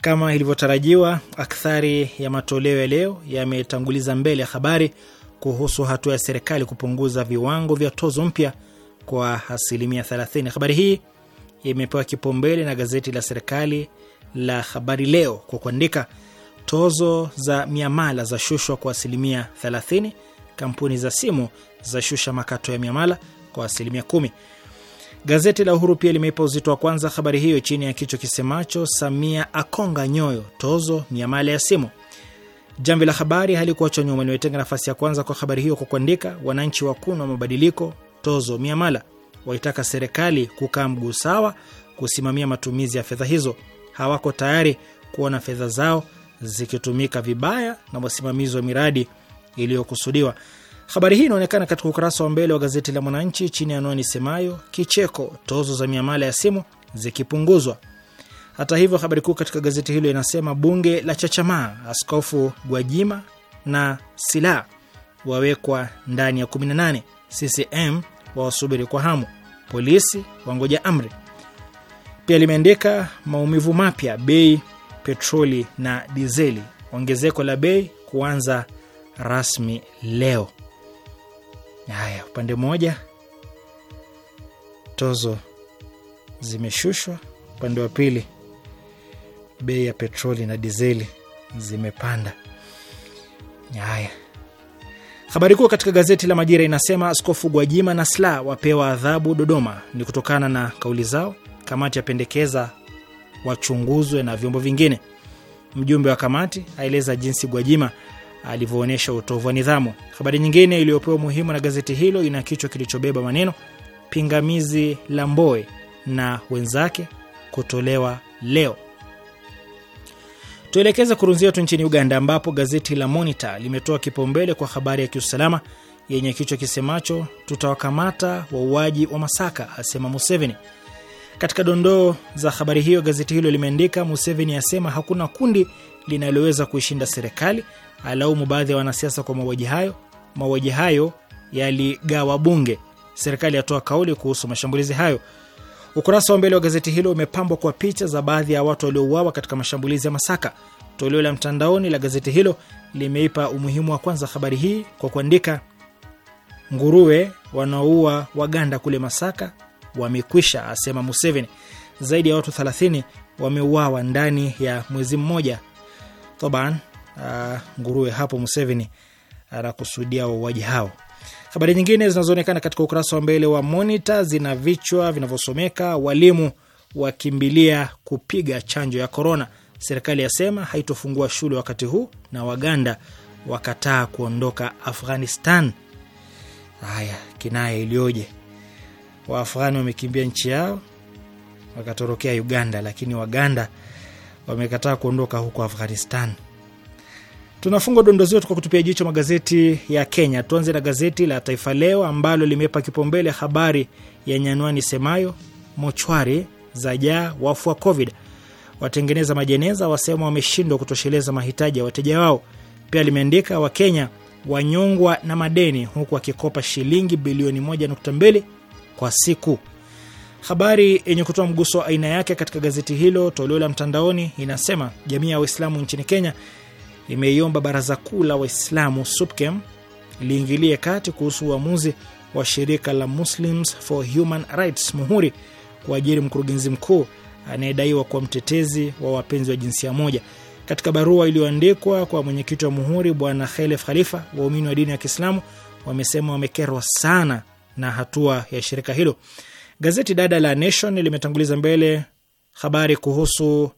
Kama ilivyotarajiwa, akthari ya matoleo ya leo yametanguliza mbele ya habari kuhusu hatua ya serikali kupunguza viwango vya tozo mpya kwa asilimia 30. Habari hii imepewa kipaumbele na gazeti la serikali la Habari Leo kwa kuandika tozo za miamala za shushwa kwa asilimia 30, kampuni za simu za shusha makato ya miamala kwa asilimia 10. Gazeti la Uhuru pia limeipa uzito wa kwanza habari hiyo chini ya kichwa kisemacho Samia akonga nyoyo tozo miamala ya simu. Jamvi la Habari halikuachwa nyuma, limetenga nafasi ya kwanza kwa habari hiyo kwa kuandika wananchi wakunwa mabadiliko tozo miamala. Waitaka serikali kukaa mguu sawa kusimamia matumizi ya fedha hizo. Hawako tayari kuona fedha zao zikitumika vibaya na wasimamizi wa miradi iliyokusudiwa. Habari hii inaonekana katika ukurasa wa mbele wa gazeti la Mwananchi chini ya anwani semayo kicheko, tozo za miamala ya simu zikipunguzwa. Hata hivyo, habari kuu katika gazeti hilo inasema bunge la chachamaa, Askofu Gwajima na silaha wawekwa ndani ya 18. CCM wawasubiri kwa hamu, polisi wangoja amri. Pia limeandika maumivu mapya bei petroli na dizeli, ongezeko la bei kuanza rasmi leo. Haya, upande mmoja tozo zimeshushwa, upande wa pili bei ya petroli na dizeli zimepanda. Haya, Habari kuu katika gazeti la Majira inasema Askofu Gwajima na Sla wapewa adhabu Dodoma, ni kutokana na kauli zao. Kamati yapendekeza wachunguzwe na vyombo vingine. Mjumbe wa kamati aeleza jinsi Gwajima alivyoonyesha utovu wa nidhamu. Habari nyingine iliyopewa umuhimu na gazeti hilo ina kichwa kilichobeba maneno pingamizi la mboe na wenzake kutolewa leo. Tuelekeze kurunzi yetu nchini Uganda, ambapo gazeti la Monitor limetoa kipaumbele kwa habari ya kiusalama yenye kichwa kisemacho tutawakamata wauaji wa Masaka, asema Museveni. Katika dondoo za habari hiyo, gazeti hilo limeandika Museveni asema hakuna kundi linaloweza kuishinda serikali, alaumu baadhi ya wanasiasa kwa mauaji hayo. Mauaji hayo yaligawa bunge. Serikali yatoa kauli kuhusu mashambulizi hayo. Ukurasa wa mbele wa gazeti hilo umepambwa kwa picha za baadhi ya watu waliouawa katika mashambulizi ya Masaka. Toleo la mtandaoni la gazeti hilo limeipa umuhimu wa kwanza habari hii kwa kuandika, nguruwe wanaoua Waganda kule Masaka wamekwisha, asema Museveni. Zaidi ya watu 30 wameuawa ndani ya mwezi mmoja. Thoban ah, nguruwe hapo, Museveni anakusudia wauaji hao. Habari nyingine zinazoonekana katika ukurasa wa mbele wa Monita zina vichwa vinavyosomeka walimu wakimbilia kupiga chanjo ya korona, serikali yasema haitofungua shule wakati huu, na Waganda wakataa kuondoka Afghanistan. Haya, kinaya iliyoje! Waafghani wamekimbia nchi yao wakatorokea Uganda, lakini Waganda wamekataa kuondoka huko Afghanistan. Tunafunga dondozi wetu kwa kutupia jicho magazeti ya Kenya. Tuanze na gazeti la Taifa Leo ambalo limepa kipaumbele habari ya anwani semayo mochwari za jaa wafu wa Covid, watengeneza majeneza wasema wameshindwa kutosheleza mahitaji ya wateja wao. Pia limeandika Wakenya wanyongwa na madeni huku wakikopa shilingi bilioni 1.2 kwa siku. Habari yenye kutoa mguso wa aina yake katika gazeti hilo toleo la mtandaoni inasema jamii ya Waislamu nchini Kenya imeiomba Baraza Kuu la Waislamu SUPKEM liingilie kati kuhusu uamuzi wa shirika la Muslims for Human Rights MUHURI kuajiri mkurugenzi mkuu anayedaiwa kuwa mtetezi wa wapenzi wa jinsia moja. Katika barua iliyoandikwa kwa mwenyekiti wa MUHURI Bwana helef Khalifa, waumini wa dini ya Kiislamu wamesema wamekerwa sana na hatua ya shirika hilo. Gazeti dada la Nation limetanguliza mbele habari kuhusu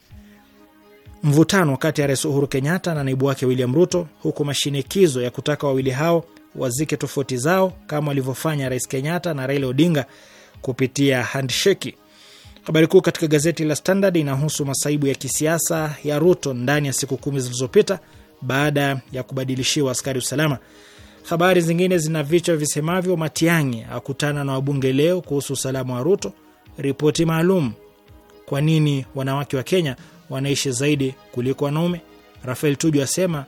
mvutano kati ya Rais Uhuru Kenyatta na naibu wake William Ruto, huku mashinikizo ya kutaka wawili hao wazike tofauti zao kama walivyofanya Rais Kenyatta na Raila Odinga kupitia handsheki. Habari kuu katika gazeti la Standard inahusu masaibu ya kisiasa ya Ruto ndani ya siku kumi zilizopita baada ya kubadilishiwa askari usalama. Habari zingine zina vichwa visemavyo: Matiang'i akutana na wabunge leo kuhusu usalama wa Ruto, ripoti maalum, kwa nini wanawake wa Kenya wanaishi zaidi kuliko wanaume. Rafael Tuju asema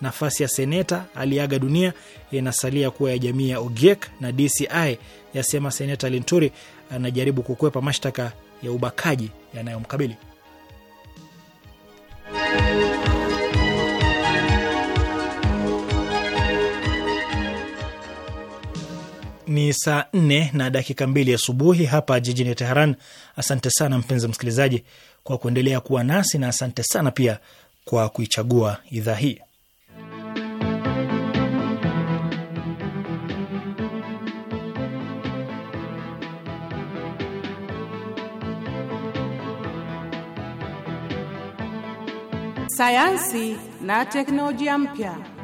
nafasi ya seneta aliaga dunia inasalia kuwa ya jamii ya Ogiek, na DCI yasema seneta Linturi anajaribu kukwepa mashtaka ya ubakaji yanayomkabili. Ni saa nne na dakika mbili asubuhi hapa jijini Teheran. Asante sana mpenzi msikilizaji kwa kuendelea kuwa nasi na asante sana pia kwa kuichagua idhaa hii. Sayansi na teknolojia mpya.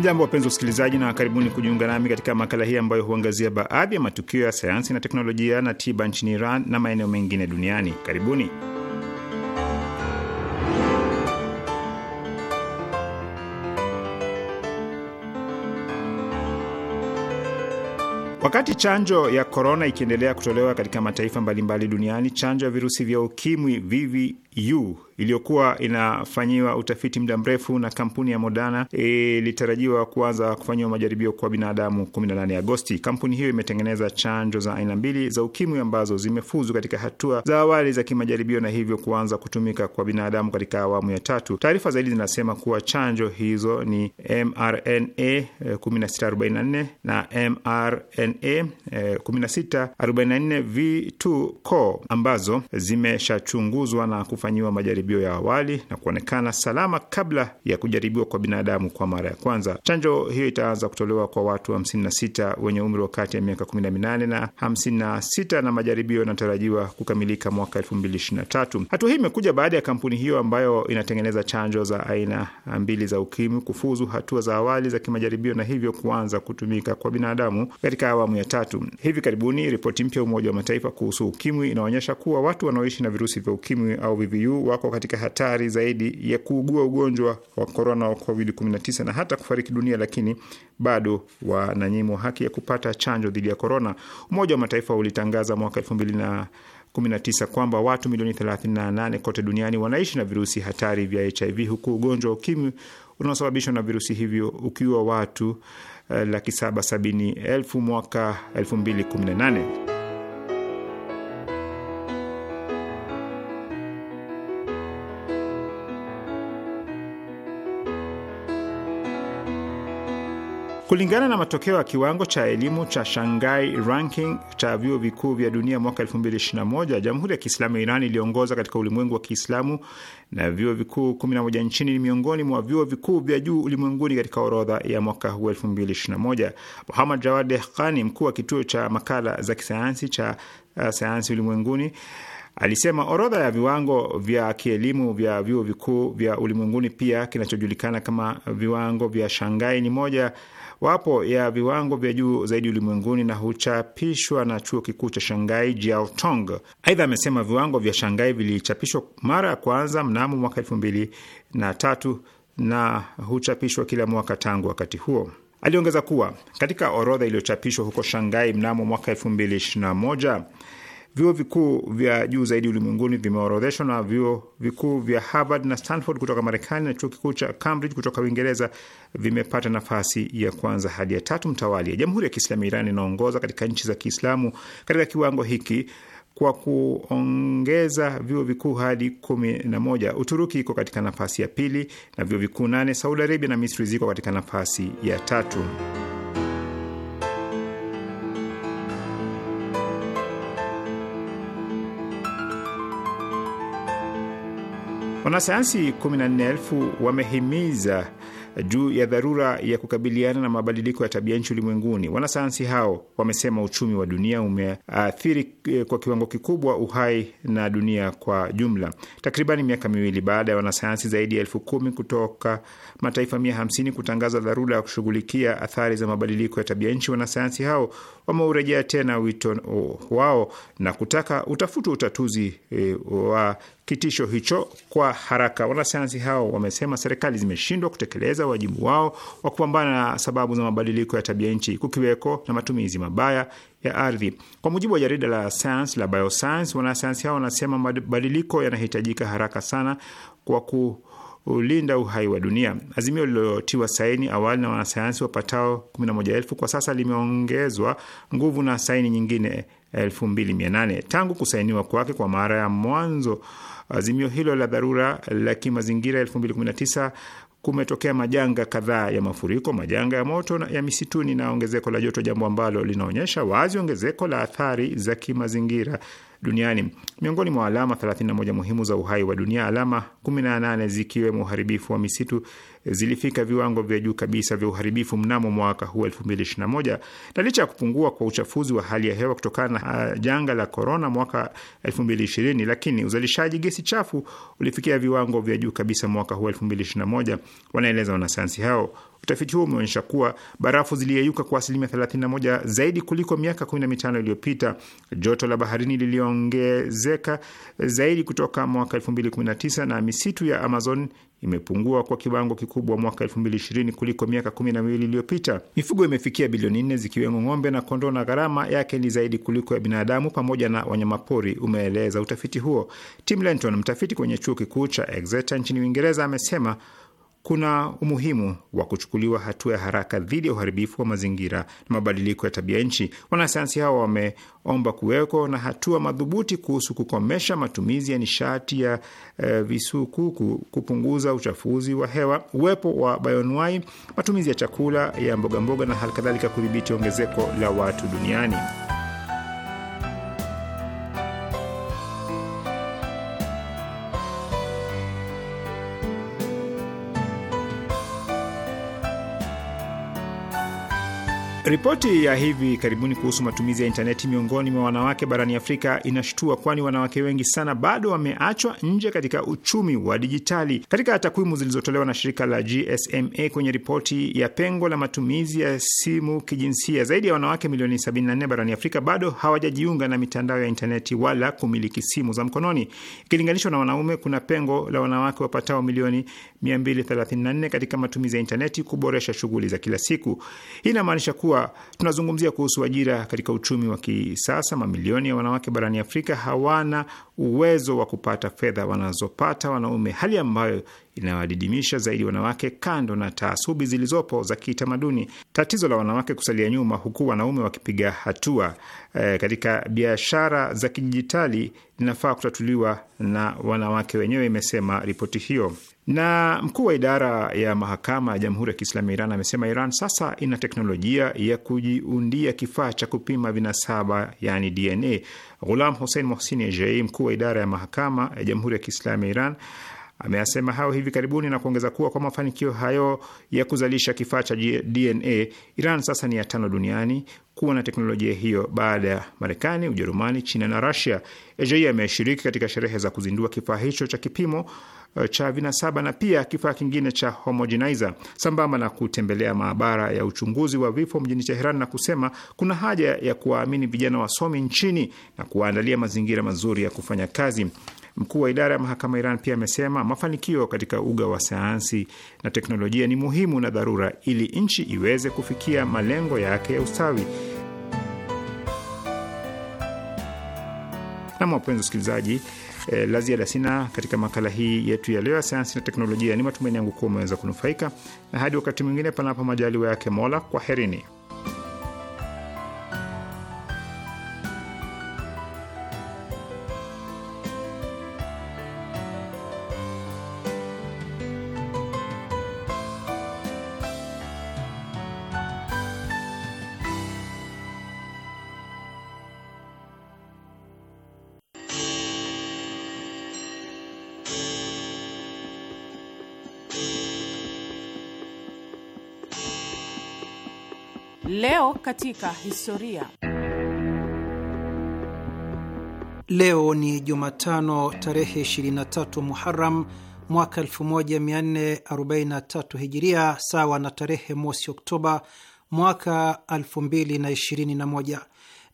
jambo wapenzi usikilizaji na karibuni kujiunga nami katika makala hii ambayo huangazia baadhi ya matukio ya sayansi na teknolojia na tiba nchini Iran na maeneo mengine duniani. Karibuni. Wakati chanjo ya korona ikiendelea kutolewa katika mataifa mbalimbali duniani, chanjo ya virusi vya ukimwi vivi u iliyokuwa inafanyiwa utafiti muda mrefu na kampuni ya Moderna ilitarajiwa kuanza kufanyiwa majaribio kwa binadamu 18 Agosti. Kampuni hiyo imetengeneza chanjo za aina mbili za ukimwi ambazo zimefuzu katika hatua za awali za kimajaribio na hivyo kuanza kutumika kwa binadamu katika awamu ya tatu. Taarifa zaidi zinasema kuwa chanjo hizo ni mRNA 1644 eh, na mRNA 1644 v2 co ambazo zimeshachunguzwa na kufanya kufanyiwa majaribio ya awali na kuonekana salama kabla ya kujaribiwa kwa binadamu kwa mara ya kwanza. Chanjo hiyo itaanza kutolewa kwa watu 56 wenye umri wa kati ya miaka 18 na 56 na majaribio yanatarajiwa kukamilika mwaka 2023. Hatua hii imekuja baada ya kampuni hiyo ambayo inatengeneza chanjo za aina mbili za ukimwi kufuzu hatua za awali za kimajaribio na hivyo kuanza kutumika kwa binadamu katika awamu ya tatu. Hivi karibuni ripoti mpya Umoja wa Mataifa kuhusu ukimwi inaonyesha kuwa watu wanaoishi na virusi vya ukimwi au VVU wako katika hatari zaidi ya kuugua ugonjwa wa korona wa COVID-19 na hata kufariki dunia, lakini bado wananyimwa haki ya kupata chanjo dhidi ya korona. Umoja wa Mataifa ulitangaza mwaka 2019 kwamba watu milioni 38 kote duniani wanaishi na virusi hatari vya HIV, huku ugonjwa ukimwi unaosababishwa na virusi hivyo ukiwa watu eh, laki elfu mwaka 2018. Kulingana na matokeo ya kiwango cha elimu cha Shanghai Ranking cha vyuo vikuu vya dunia mwaka 2021, Jamhuri ya Kiislamu ya Iran iliongoza katika ulimwengu wa Kiislamu na vyuo vikuu 11 nchini ni miongoni mwa vyuo vikuu vya juu ulimwenguni katika orodha ya mwaka huu 2021. Muhammad Jawad Dehkani, mkuu wa kituo cha makala za kisayansi cha uh, sayansi ulimwenguni alisema orodha ya viwango vya kielimu vya vyuo vikuu vya ulimwenguni, pia kinachojulikana kama viwango vya Shanghai, ni moja wapo ya viwango vya juu zaidi ulimwenguni na huchapishwa na chuo kikuu cha Shanghai Jiaotong. Aidha, amesema viwango vya Shanghai vilichapishwa mara ya kwanza mnamo mwaka elfu mbili na tatu na huchapishwa kila mwaka tangu wakati huo. Aliongeza kuwa katika orodha iliyochapishwa huko Shanghai mnamo mwaka elfu mbili ishirini na moja Vyuo vikuu vya juu zaidi ulimwenguni vimeorodheshwa na vyuo vikuu vya Harvard na Stanford kutoka Marekani na chuo kikuu cha Cambridge kutoka Uingereza vimepata nafasi ya kwanza hadi ya tatu mtawali Jamhuri ya Kiislamu Iran inaongoza katika nchi za Kiislamu katika kiwango hiki kwa kuongeza vyuo vikuu hadi kumi na moja. Uturuki iko katika nafasi ya pili na vyuo vikuu nane. Saudi Arabia na Misri ziko katika nafasi ya tatu. Wanasayansi 14,000 wamehimiza juu ya dharura ya kukabiliana na mabadiliko ya tabia nchi ulimwenguni. Wanasayansi hao wamesema uchumi wa dunia umeathiri eh, kwa kiwango kikubwa uhai na dunia kwa jumla. Takribani miaka miwili baada ya wanasayansi zaidi ya elfu kumi kutoka mataifa mia hamsini kutangaza dharura ya kushughulikia athari za mabadiliko ya tabia nchi, wanasayansi hao wameurejea tena wito wao na kutaka utafutwe utatuzi e, wa kitisho hicho kwa haraka. Wanasayansi hao wamesema serikali zimeshindwa kutekeleza wajibu wao wa kupambana na sababu za mabadiliko ya tabia nchi, kukiweko na matumizi mabaya ya ardhi. Kwa mujibu wa jarida la Science la Bioscience, wanasayansi hao wanasema mabadiliko yanahitajika haraka sana kwa ku ulinda uhai wa dunia. Azimio lililotiwa saini awali na wanasayansi wapatao 11,000 kwa sasa limeongezwa nguvu na saini nyingine 2800 tangu kusainiwa kwake kwa mara ya mwanzo. Azimio hilo la dharura la kimazingira 2019 kumetokea majanga kadhaa ya mafuriko, majanga ya moto ya misituni na ongezeko la joto, jambo ambalo linaonyesha wazi ongezeko la athari za kimazingira duniani. Miongoni mwa alama 31 muhimu za uhai wa dunia, alama 18 zikiwemo uharibifu wa misitu eh, zilifika viwango vya juu kabisa vya uharibifu mnamo mwaka huu 2021. Na licha ya kupungua kwa uchafuzi wa hali ya hewa kutokana na eh, janga la korona mwaka 2020, lakini uzalishaji gesi chafu ulifikia viwango vya juu kabisa mwaka huu 2021, wanaeleza wanasayansi hao. Utafiti huo umeonyesha kuwa barafu ziliyeyuka kwa asilimia 31 zaidi kuliko miaka 15 iliyopita. Joto la baharini liliongezeka zaidi kutoka mwaka 2019 na misitu ya Amazon imepungua kwa kiwango kikubwa mwaka 2020 kuliko miaka 1 miwili iliyopita. Mifugo imefikia bilioni nne zikiwemo ng'ombe na kondoo, na gharama yake ni zaidi kuliko ya binadamu pamoja na wanyamapori, umeeleza utafiti huo. Tim Lenton, mtafiti kwenye chuo kikuu cha Exeter nchini Uingereza, amesema kuna umuhimu wa kuchukuliwa hatua ya haraka dhidi ya uharibifu wa mazingira na mabadiliko ya tabia nchi. Wanasayansi hao wameomba kuwekwa na hatua madhubuti kuhusu kukomesha matumizi ya nishati ya e, eh, visukuku, kupunguza uchafuzi wa hewa, uwepo wa bayonwai, matumizi ya chakula ya mbogamboga mboga na halikadhalika, kudhibiti ongezeko la watu duniani. Ripoti ya hivi karibuni kuhusu matumizi ya intaneti miongoni mwa wanawake barani Afrika inashtua, kwani wanawake wengi sana bado wameachwa nje katika uchumi wa dijitali. Katika takwimu zilizotolewa na shirika la GSMA kwenye ripoti ya pengo la matumizi ya simu kijinsia, zaidi ya wanawake milioni 74 barani Afrika bado hawajajiunga na mitandao ya intaneti wala kumiliki simu za mkononi. Ikilinganishwa na wanaume, kuna pengo la wanawake wapatao milioni 234 katika matumizi ya intaneti kuboresha shughuli za kila siku. Hii inamaanisha kuwa kuwa tunazungumzia kuhusu ajira katika uchumi wa kisasa, mamilioni ya wanawake barani Afrika hawana uwezo wa kupata fedha wanazopata wanaume, hali ambayo inawadidimisha zaidi wanawake, kando na taasubi zilizopo za kitamaduni. Tatizo la wanawake kusalia nyuma, huku wanaume wakipiga hatua e, katika biashara za kidijitali linafaa kutatuliwa na wanawake wenyewe, imesema ripoti hiyo. Na mkuu wa idara ya mahakama ya Jamhuri ya Kiislamu ya Iran amesema Iran sasa ina teknolojia ya kujiundia kifaa cha kupima vinasaba, yani DNA. Ghulam Hussein Mohsin Ejei, mkuu wa idara ya mahakama ya Jamhuri ya Kiislamu ya Iran ameyasema hayo hivi karibuni na kuongeza kuwa kwa mafanikio hayo ya kuzalisha kifaa cha DNA, Iran sasa ni ya tano duniani kuwa na teknolojia hiyo baada ya Marekani, Ujerumani, China na Rasia. Ejei ameshiriki katika sherehe za kuzindua kifaa hicho cha kipimo Eh, cha vinasaba na pia kifaa kingine cha homogenizer, sambamba na kutembelea maabara ya uchunguzi wa vifo mjini Teheran na kusema kuna haja ya kuwaamini vijana wasomi nchini na kuwaandalia mazingira mazuri ya kufanya kazi. Mkuu wa idara ya mahakama Iran pia amesema mafanikio katika uga wa sayansi na teknolojia ni muhimu na dharura ili nchi iweze kufikia malengo yake ya ustawi. Nam, wapenzi wasikilizaji, e, eh, la ziada sina katika makala hii yetu ya leo ya sayansi na teknolojia. Ni matumaini yangu kuwa umeweza kunufaika, na hadi wakati mwingine, panapo majaliwa yake Mola, kwaherini. Leo katika historia. Leo ni Jumatano tarehe 23 Muharam mwaka 1443 Hijiria, sawa na tarehe mosi Oktoba mwaka 2021.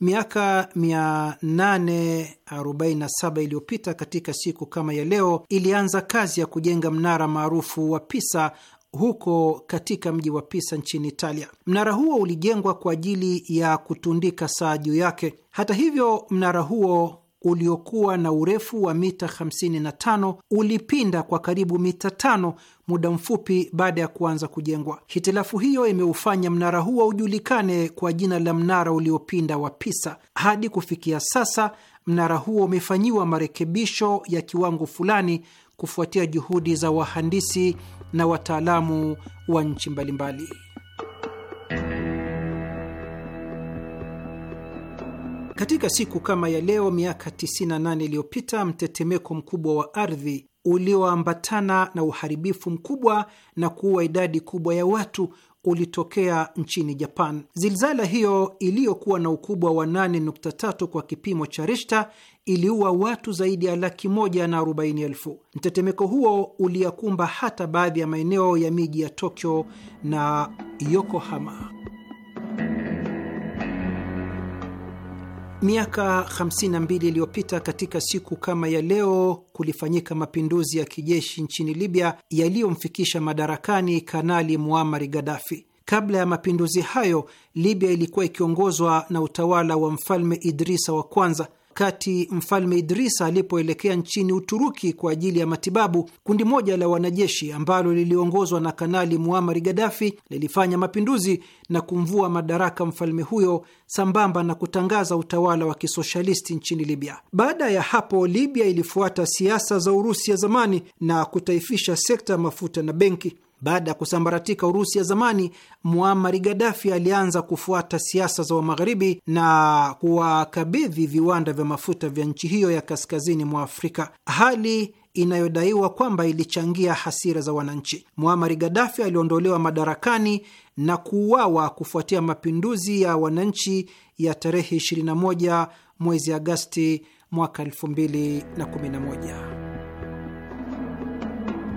Miaka 847 iliyopita katika siku kama ya leo ilianza kazi ya kujenga mnara maarufu wa Pisa huko katika mji wa Pisa nchini Italia. Mnara huo ulijengwa kwa ajili ya kutundika saa juu yake. Hata hivyo, mnara huo uliokuwa na urefu wa mita 55 ulipinda kwa karibu mita tano muda mfupi baada ya kuanza kujengwa. Hitilafu hiyo imeufanya mnara huo ujulikane kwa jina la mnara uliopinda wa Pisa. Hadi kufikia sasa, mnara huo umefanyiwa marekebisho ya kiwango fulani kufuatia juhudi za wahandisi na wataalamu wa nchi mbalimbali. Katika siku kama ya leo miaka 98 iliyopita, mtetemeko mkubwa wa ardhi ulioambatana na uharibifu mkubwa na kuua idadi kubwa ya watu ulitokea nchini Japan. Zilzala hiyo iliyokuwa na ukubwa wa 8.3 kwa kipimo cha Rishta iliua watu zaidi ya laki moja na arobaini elfu. Mtetemeko huo uliyakumba hata baadhi ya maeneo ya miji ya Tokyo na Yokohama. Miaka 52 iliyopita katika siku kama ya leo kulifanyika mapinduzi ya kijeshi nchini Libya yaliyomfikisha madarakani Kanali Muammar Gaddafi. Kabla ya mapinduzi hayo, Libya ilikuwa ikiongozwa na utawala wa Mfalme Idrisa wa kwanza Wakati mfalme Idrisa alipoelekea nchini Uturuki kwa ajili ya matibabu, kundi moja la wanajeshi ambalo liliongozwa na Kanali Muamari Gadafi lilifanya mapinduzi na kumvua madaraka mfalme huyo sambamba na kutangaza utawala wa kisoshalisti nchini Libya. Baada ya hapo, Libya ilifuata siasa za Urusi ya zamani na kutaifisha sekta ya mafuta na benki. Baada ya kusambaratika Urusi ya zamani, Muamari Gadafi alianza kufuata siasa za Wamagharibi na kuwakabidhi viwanda vya mafuta vya nchi hiyo ya kaskazini mwa Afrika, hali inayodaiwa kwamba ilichangia hasira za wananchi. Muamari gadafi aliondolewa madarakani na kuuawa kufuatia mapinduzi ya wananchi ya tarehe 21 mwezi Agasti mwaka 2011.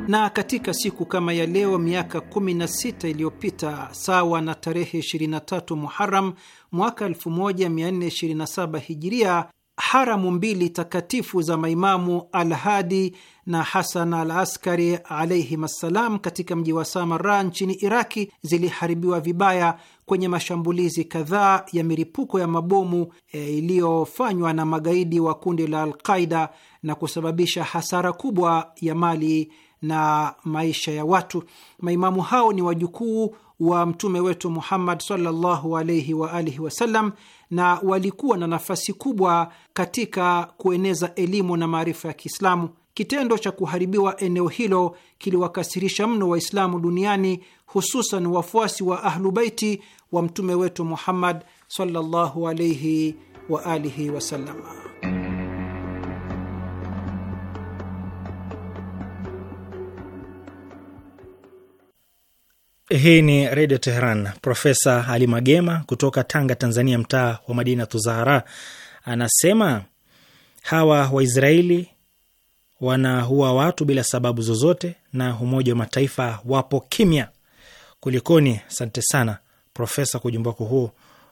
Na katika siku kama ya leo miaka 16 iliyopita, sawa na tarehe 23 Muharam mwaka 1427 Hijiria, haramu mbili takatifu za maimamu Alhadi na Hasan al Askari alaihim assalam katika mji wa Samara nchini Iraki ziliharibiwa vibaya kwenye mashambulizi kadhaa ya milipuko ya mabomu e, iliyofanywa na magaidi wa kundi la Alqaida na kusababisha hasara kubwa ya mali na maisha ya watu. Maimamu hao ni wajukuu wa mtume wetu Muhammad sallallahu alaihi wa alihi wasallam, na walikuwa na nafasi kubwa katika kueneza elimu na maarifa ya Kiislamu. Kitendo cha kuharibiwa eneo hilo kiliwakasirisha mno Waislamu duniani, hususan wafuasi wa Ahlubeiti wa mtume wetu Muhammad sallallahu alaihi wa alihi wasallam. Hii ni Redio Teheran. Profesa Ali Magema kutoka Tanga, Tanzania, mtaa wa Madina Tuzahara, anasema hawa Waisraeli wanaua watu bila sababu zozote, na Umoja wa Mataifa wapo kimya. Kulikoni? Asante sana Profesa kwa ujumbe wako huu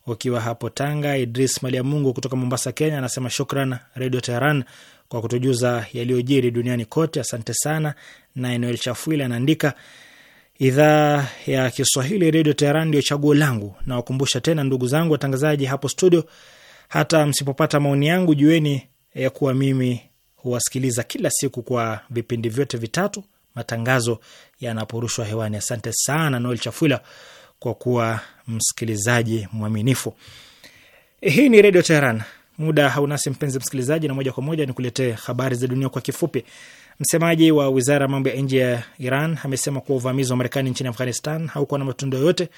ukiwa hapo Tanga. Idris Malia Mungu kutoka Mombasa, Kenya, anasema shukran Redio Teheran kwa kutujuza yaliyojiri duniani kote, asante sana. Na Noel Chafuila anaandika idhaa ya Kiswahili Redio Teheran ndio chaguo langu. Nawakumbusha tena ndugu zangu watangazaji hapo studio, hata msipopata maoni yangu, jueni ya kuwa mimi huwasikiliza kila siku kwa vipindi vyote vitatu matangazo yanaporushwa hewani. Asante sana Noel Chafula kwa kuwa msikilizaji mwaminifu. Hii ni Redio Teheran. Muda haunasi mpenzi msikilizaji, na moja kwa moja nikuletee habari za dunia kwa kifupi. Msemaji wa wizara ya mambo ya nje ya Iran amesema kuwa uvamizi wa Marekani nchini Afghanistan haukuwa na matunda yoyote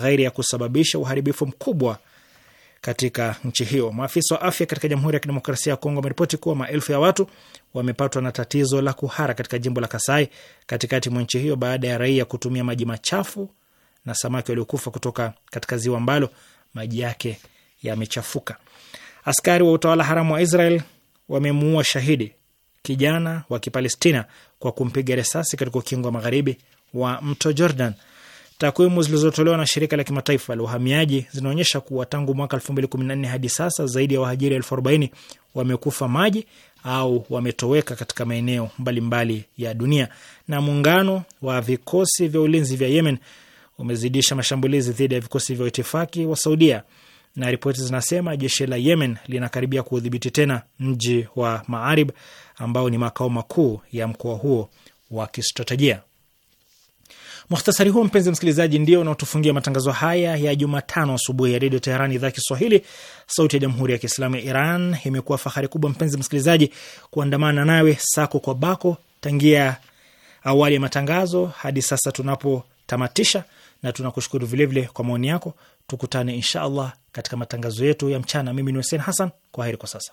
ghairi ya kusababisha uharibifu mkubwa katika nchi hiyo. Maafisa wa afya katika Jamhuri ya Kidemokrasia ya Kongo wameripoti kuwa maelfu ya watu wamepatwa na tatizo la kuhara katika jimbo la Kasai katikati mwa nchi hiyo baada ya raia kutumia maji machafu na samaki waliokufa kutoka katika ziwa ambalo maji yake yamechafuka. Askari wa utawala haramu wa Israel wamemuua shahidi kijana wa Kipalestina kwa kumpiga risasi katika ukingo wa magharibi wa mto Jordan. Takwimu zilizotolewa na shirika la kimataifa la uhamiaji zinaonyesha kuwa tangu mwaka 2014 hadi sasa zaidi ya wahajiri elfu arobaini wamekufa maji au wametoweka katika maeneo mbalimbali ya dunia. Na muungano wa vikosi vya ulinzi vya Yemen umezidisha mashambulizi dhidi ya vikosi vya itifaki wa Saudia, na ripoti zinasema jeshi la Yemen linakaribia kuudhibiti tena mji wa Maarib ambao ni makao makuu ya mkoa huo wa kistratejia. Muhtasari huo mpenzi msikilizaji, ndio unaotufungia matangazo haya ya Jumatano asubuhi ya Redio Teherani, idhaa Kiswahili, sauti ya jamhuri ya kiislamu ya Iran. Imekuwa fahari kubwa, mpenzi msikilizaji, kuandamana nawe sako kwa bako tangia awali ya matangazo hadi sasa tunapotamatisha, na tunakushukuru vilevile kwa maoni yako. Tukutane insha allah katika matangazo yetu ya mchana. Mimi ni Hussein Hassan, kwa heri kwa sasa.